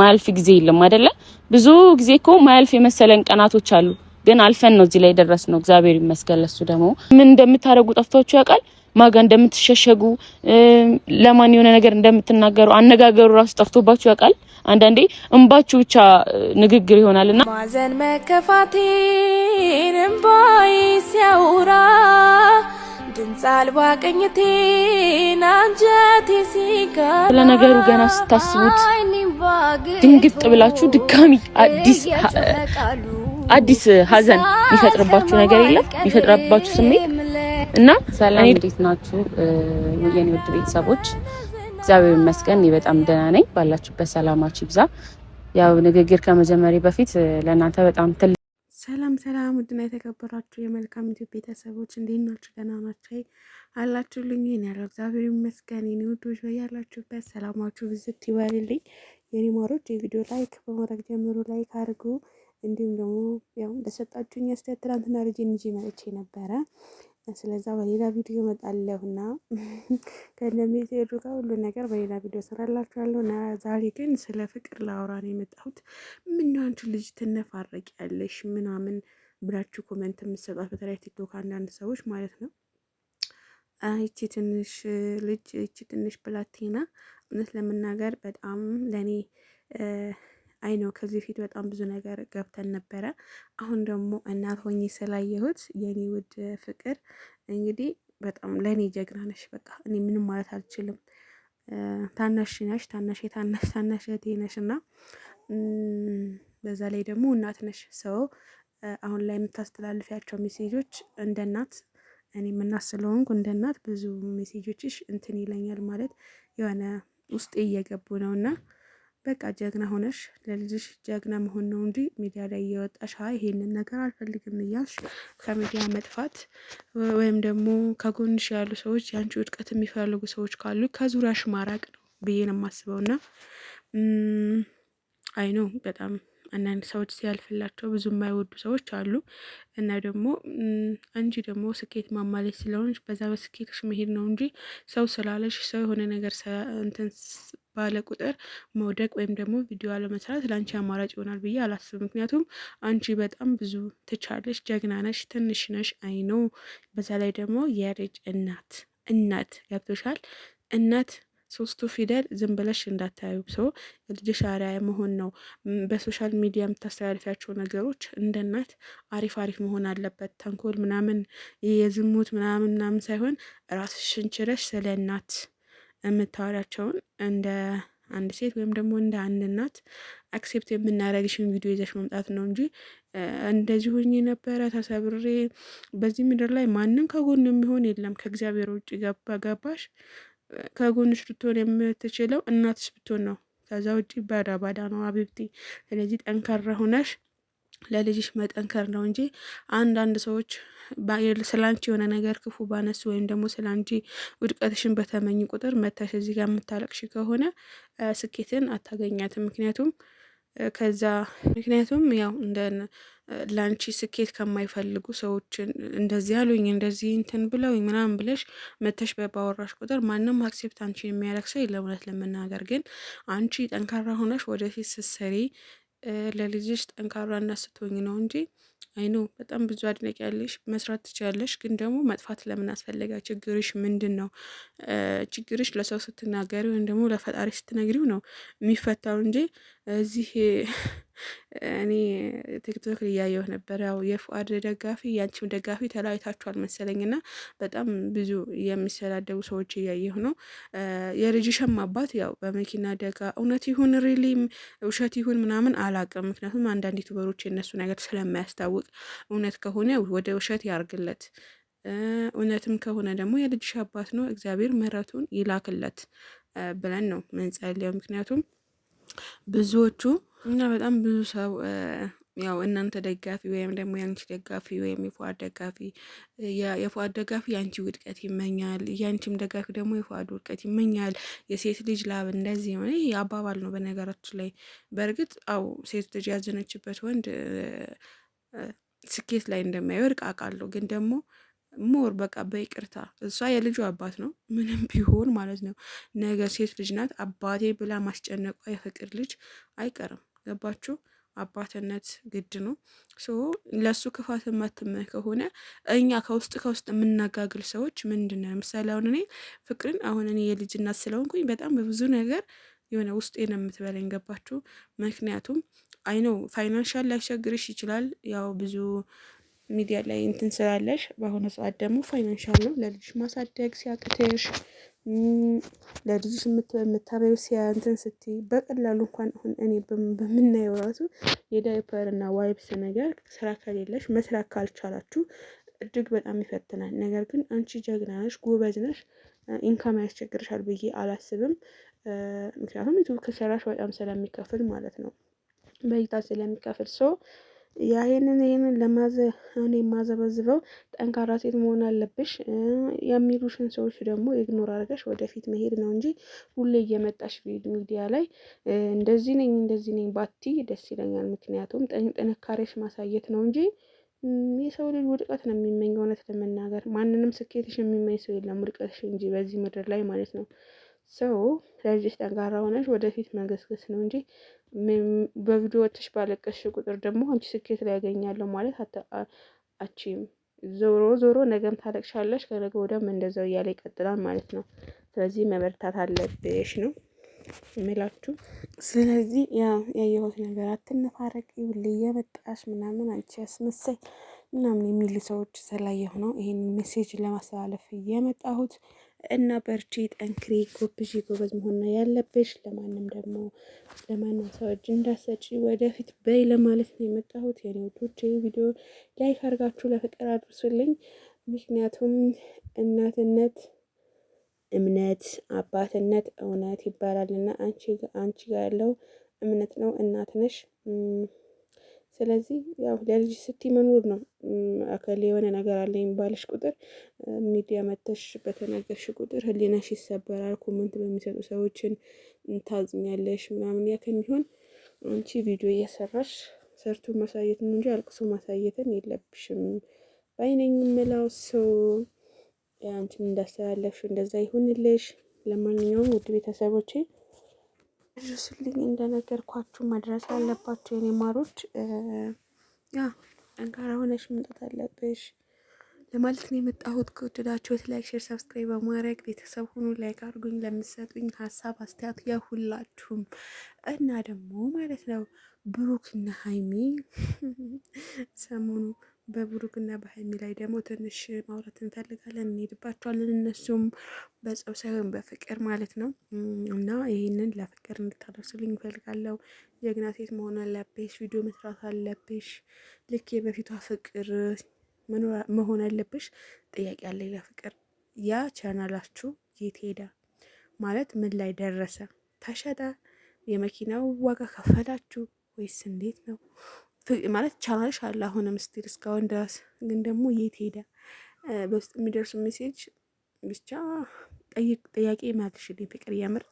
ማያልፍ ጊዜ የለም አይደለ? ብዙ ጊዜ እኮ ማያልፍ የመሰለን ቀናቶች አሉ፣ ግን አልፈን ነው እዚህ ላይ ደረስ ነው። እግዚአብሔር ይመስገን። ለሱ ደግሞ ምን እንደምታደርጉ ጠፍቷችሁ ያውቃል? ማጋ እንደምትሸሸጉ ለማን የሆነ ነገር እንደምትናገሩ አነጋገሩ ራሱ ጠፍቶባችሁ ያውቃል። አንዳንዴ እንባችሁ ብቻ ንግግር ይሆናልና ማዘን መከፋቴን እንባይ ሲያውራ ድምፅ አልባ ቅኝቴን አንጀቴ ሲጋ ለነገሩ ገና ስታስቡት ድንግጥ ብላችሁ ድጋሚ አዲስ አዲስ ሀዘን የሚፈጥርባችሁ ነገር የለም የሚፈጥርባችሁ ስሜት እና ሰላም፣ እንዴት ናችሁ የኔ ውድ ቤተሰቦች? እግዚአብሔር ይመስገን እኔ በጣም ደህና ነኝ። ባላችሁበት ሰላማችሁ ይብዛ። ያው ንግግር ከመጀመሪ በፊት ለእናንተ በጣም ትልቅ ሰላም ሰላም፣ ውድና የተከበራችሁ የመልካም ኢትዮ ቤተሰቦች እንዴት ናችሁ? ደህና ናችሁ አላችሁልኝ? ይህን ያለው እግዚአብሔር ይመስገን። የኔ ውዶች ያላችሁበት ሰላማችሁ ብዝት ይበልልኝ። የኔማሮች የቪዲዮ ላይክ በማድረግ ጀምሮ ላይክ አድርጉ። እንዲሁም ደግሞ ያው እንደሰጣችሁኝ አስተያየት ትናንትና ልጅን እንጂ መጥቼ ነበረ። ስለዛ በሌላ ቪዲዮ እመጣለሁ እና ከነሚሄዱ ጋር ሁሉ ነገር በሌላ ቪዲዮ ስራላችኋለሁ እና ዛሬ ግን ስለ ፍቅር ላወራ ነው የመጣሁት። ምን አንቺ ልጅ ትነፋረቅ ያለሽ ምናምን ብላችሁ ኮመንት የምትሰጧት በተለይ ቲክቶክ አንዳንድ ሰዎች ማለት ነው። ይቺ ትንሽ ልጅ ይቺ ትንሽ ብላቴና እውነት ለመናገር በጣም ለእኔ አይ ነው ከዚህ በፊት በጣም ብዙ ነገር ገብተን ነበረ። አሁን ደግሞ እናት ሆኜ ስላየሁት የእኔ ውድ ፍቅር እንግዲህ በጣም ለእኔ ጀግና ነሽ። በቃ እኔ ምንም ማለት አልችልም። ታናሽ ነሽ፣ ታናሽ ታናሽ ታናሽ እህቴ ነሽ እና በዛ ላይ ደግሞ እናት ነሽ። ሰው አሁን ላይ የምታስተላልፊያቸው ሜሴጆች እንደ እናት እኔ የምናስለውንኩ እንደ እናት ብዙ ሜሴጆችሽ እንትን ይለኛል ማለት የሆነ ውስጤ እየገቡ ነው እና በቃ ጀግና ሆነሽ ለልጅሽ ጀግና መሆን ነው እንጂ ሚዲያ ላይ እየወጣሽ ይሄንን ነገር አልፈልግም እያልሽ ከሚዲያ መጥፋት ወይም ደግሞ ከጎንሽ ያሉ ሰዎች የአንቺ ውድቀት የሚፈልጉ ሰዎች ካሉ ከዙሪያሽ ማራቅ ነው ብዬ ነው የማስበው እና አይ ነው በጣም አንዳንድ ሰዎች ሲያልፍላቸው ብዙ የማይወዱ ሰዎች አሉ እና ደግሞ አንቺ ደግሞ ስኬት ማማለች ስለሆንሽ በዛ በስኬትሽ መሄድ ነው እንጂ ሰው ስላለሽ ሰው የሆነ ነገር እንትን ባለ ቁጥር መውደቅ ወይም ደግሞ ቪዲዮ አለመስራት ለአንቺ አማራጭ ይሆናል ብዬ አላስብም። ምክንያቱም አንቺ በጣም ብዙ ትቻለሽ፣ ጀግና ነሽ፣ ትንሽ ነሽ አይኖ በዛ ላይ ደግሞ የልጅ እናት እናት ገብቶሻል እናት ሶስቱ ፊደል ዝም ብለሽ እንዳታዩ። ሰው ልጅሽ አርአያ መሆን ነው። በሶሻል ሚዲያ የምታስተላልፊያቸው ነገሮች እንደ እናት አሪፍ አሪፍ መሆን አለበት። ተንኮል ምናምን የዝሙት ምናምን ምናምን ሳይሆን ራስሽን ችለሽ ስለ እናት የምታወሪያቸውን እንደ አንድ ሴት ወይም ደግሞ እንደ አንድ እናት አክሴፕት የምናደርግሽን ቪዲዮ ይዘሽ መምጣት ነው እንጂ እንደዚህ ሆኜ ነበረ ተሰብሬ። በዚህ ምድር ላይ ማንም ከጎን የሚሆን የለም ከእግዚአብሔር ውጭ ገባ ገባሽ ከጎንሽ ብትሆን የምትችለው እናትሽ ብትሆን ነው። ከዛ ውጭ ባዳ ባዳ ነው አቢብቲ። ስለዚህ ጠንካራ ሆነሽ ለልጅሽ መጠንከር ነው እንጂ አንዳንድ ሰዎች ስላንቺ የሆነ ነገር ክፉ ባነሱ ወይም ደግሞ ስላንቺ ውድቀትሽን በተመኝ ቁጥር መታሽ እዚህ ጋር የምታለቅሽ ከሆነ ስኬትን አታገኛትም። ምክንያቱም ከዛ ምክንያቱም ያው እንደ ላንቺ ስኬት ከማይፈልጉ ሰዎች እንደዚህ አሉኝ እንደዚህ እንትን ብለው ምናምን ብለሽ መተሽ በባወራሽ ቁጥር ማንም አክሴፕት አንቺን የሚያደርግ ሰው የለም። እውነት ለመናገር ግን አንቺ ጠንካራ ሆነሽ ወደፊት ስትሰሪ ለልጅሽ ጠንካራ እና ስትሆኝ ነው እንጂ አይኖ በጣም ብዙ አድናቂ ያለሽ መስራት ትችላለሽ፣ ግን ደግሞ መጥፋት ለምን አስፈለገ? ችግርሽ ምንድን ነው? ችግርሽ ለሰው ስትናገሪ ወይም ደግሞ ለፈጣሪ ስትነግሪው ነው የሚፈታው እንጂ እዚህ እኔ ቲክቶክ እያየሁ ነበር። ያው የፉአድ ደጋፊ የአንቺም ደጋፊ ተለያይታችኋል መሰለኝ እና በጣም ብዙ የሚሰዳደቡ ሰዎች እያየሁ ነው። የልጅሽም አባት ያው በመኪና አደጋ እውነት ይሁን ሪሊም ውሸት ይሁን ምናምን አላቅም። ምክንያቱም አንዳንድ ዩቱበሮች የነሱ ነገር ስለማያስታው ሳያሳውቅ እውነት ከሆነ ወደ ውሸት ያርግለት፣ እውነትም ከሆነ ደግሞ የልጅሽ አባት ነው እግዚአብሔር ምሕረቱን ይላክለት ብለን ነው ምንጸልየው። ምክንያቱም ብዙዎቹ እና በጣም ብዙ ሰው ያው እናንተ ደጋፊ ወይም ደግሞ የአንቺ ደጋፊ ወይም የፏድ ደጋፊ የፉአድ ደጋፊ የአንቺ ውድቀት ይመኛል፣ የአንቺም ደጋፊ ደግሞ የፉአድ ውድቀት ይመኛል። የሴት ልጅ ላብ እንደዚህ ሆነ አባባል ነው በነገራችን ላይ በእርግጥ አው ሴት ልጅ ያዘነችበት ወንድ ስኬት ላይ እንደማይወድቅ አውቃለሁ። ግን ደግሞ ሞር በቃ በይቅርታ እሷ የልጁ አባት ነው ምንም ቢሆን ማለት ነው። ነገ ሴት ልጅ ናት አባቴ ብላ ማስጨነቋ የፍቅር ልጅ አይቀርም። ገባችሁ? አባትነት ግድ ነው። ለእሱ ክፋት የማትመኝ ከሆነ እኛ ከውስጥ ከውስጥ የምናጋግል ሰዎች ምንድን ነው? ምሳሌ አሁን እኔ ፍቅርን አሁን እኔ የልጅ እናት ስለሆንኩኝ በጣም በብዙ ነገር የሆነ ውስጤ ነው የምትበለኝ። ገባችሁ? ምክንያቱም አይኖ ፋይናንሻል ሊያስቸግርሽ ይችላል። ያው ብዙ ሚዲያ ላይ እንትን ስላለሽ በአሁኑ ሰዓት ደግሞ ፋይናንሻል ነው ለልጅ ማሳደግ ሲያቅትሽ ለልጅ የምታበዩ ሲያንትን ስቲ በቀላሉ እንኳን ሁን እኔ በምናየው ራሱ የዳይፐር እና ዋይፕስ ነገር ስራ ከሌለሽ መስራት ካልቻላችሁ እጅግ በጣም ይፈትናል። ነገር ግን አንቺ ጀግና ነሽ፣ ጎበዝ ነሽ። ኢንካም ያስቸግርሻል ብዬ አላስብም። ምክንያቱም ዩቱብ ከሰራሽ በጣም ስለሚከፍል ማለት ነው። በእይታ ስለሚከፍል ሰው ይህንን ይህንን ለማዘ እኔ የማዘበዝበው ጠንካራ ሴት መሆን አለብሽ የሚሉሽን ሰዎች ደግሞ ኢግኖር አድርገሽ ወደፊት መሄድ ነው እንጂ ሁሌ እየመጣሽ ሚዲያ ላይ እንደዚህ ነኝ እንደዚህ ነኝ ባቲ ደስ ይለኛል። ምክንያቱም ጥንካሬሽ ማሳየት ነው እንጂ የሰው ልጅ ውድቀት ነው የሚመኝ። እውነት ለመናገር ማንንም ስኬትሽ የሚመኝ ሰው የለም ውድቀትሽ እንጂ በዚህ ምድር ላይ ማለት ነው። ሰው ለልጅሽ ጠንካራ ሆነሽ ወደፊት መገስገስ ነው እንጂ በቪዲዮ ወጥተሽ ባለቀሽ ቁጥር ደግሞ አንቺ ስኬት ላይ ያገኛለሁ ማለት አቺም ዞሮ ዞሮ ነገም ታለቅሻለሽ፣ ከነገ ወዲያም እንደዛው እያለ ይቀጥላል ማለት ነው። ስለዚህ መበርታት አለብሽ ነው እምላችሁ። ስለዚህ ያየሁት ነገር አትነፋረቂ፣ ሁሌ እየመጣሽ ምናምን አንቺ ያስመሳይ ምናምን የሚሉ ሰዎች ስላየሁ ነው ይህን ሜሴጅ ለማስተላለፍ የመጣሁት እና በርቺ፣ ጠንክሪ፣ ጎብዢ፣ ጎበዝ መሆን ነው ያለብሽ። ለማንም ደግሞ ለማንም ሰዎች እንዳሰጪ ወደፊት በይ ለማለት ነው የመጣሁት። የኔዎቶች ቪዲዮ ላይክ አድርጋችሁ ለፍቅር አድርሱልኝ። ምክንያቱም እናትነት እምነት፣ አባትነት እውነት ይባላል እና አንቺ ጋር ያለው እምነት ነው። እናትነሽ ነሽ ስለዚህ ያው ለልጅ ስቲ መኖር ነው። አካል የሆነ ነገር አለ ባለሽ ቁጥር ሚዲያ መተሽ በተናገርሽ ቁጥር ህሊናሽ ይሰበራል። ኮመንት በሚሰጡ ሰዎችን ታዝኛለሽ ምናምን ያ ከሚሆን አንቺ ቪዲዮ እየሰራሽ ሰርቶ ነው እንጂ አልቅሶ ማሳየትን የለብሽም። በአይነኝ የምለው ሰው አንቺን እንዳስተላለፍሽ እንደዛ ይሁንልሽ። ለማንኛውም ውድ ቤተሰቦቼ እርሱልኝ እንደነገርኳችሁ መድረስ አለባችሁ የኔ ማሮች። ያ ጠንካራ ሆነሽ መምጣት አለብሽ ለማለት ነው የመጣሁት። ከወደዳችሁት ላይክ፣ ሼር፣ ሰብስክራይብ በማድረግ ቤተሰብ ሁኑ። ላይክ አድርጉኝ። ለምትሰጡኝ ሀሳብ አስተያየት የሁላችሁም እና ደግሞ ማለት ነው ብሩክ እና ሀይሚ ሰሞኑ በብሩክና በሀይሚ ላይ ደግሞ ትንሽ ማውራት እንፈልጋለን። እንሄድባቸዋለን። እነሱም በጸብ ሳይሆን በፍቅር ማለት ነው እና ይህንን ለፍቅር እንድታደርሱልኝ እንፈልጋለሁ። ጀግና ሴት መሆን አለብሽ። ቪዲዮ መስራት አለብሽ። ልክ የበፊቷ ፍቅር መሆን አለብሽ። ጥያቄ አለኝ ለፍቅር። ያ ቻናላችሁ የት ሄደ? ማለት ምን ላይ ደረሰ? ተሸጠ? የመኪናው ዋጋ ከፈላችሁ ወይስ እንዴት ነው? ማለት ቻናልሽ አለ አሁንም ስቲል እስካሁን ድረስ ግን ደግሞ የት ሄደ? በውስጥ የሚደርሱ ሜሴጅ ብቻ ጠይቅ ጥያቄ መልሽልኝ ፍቅር የምር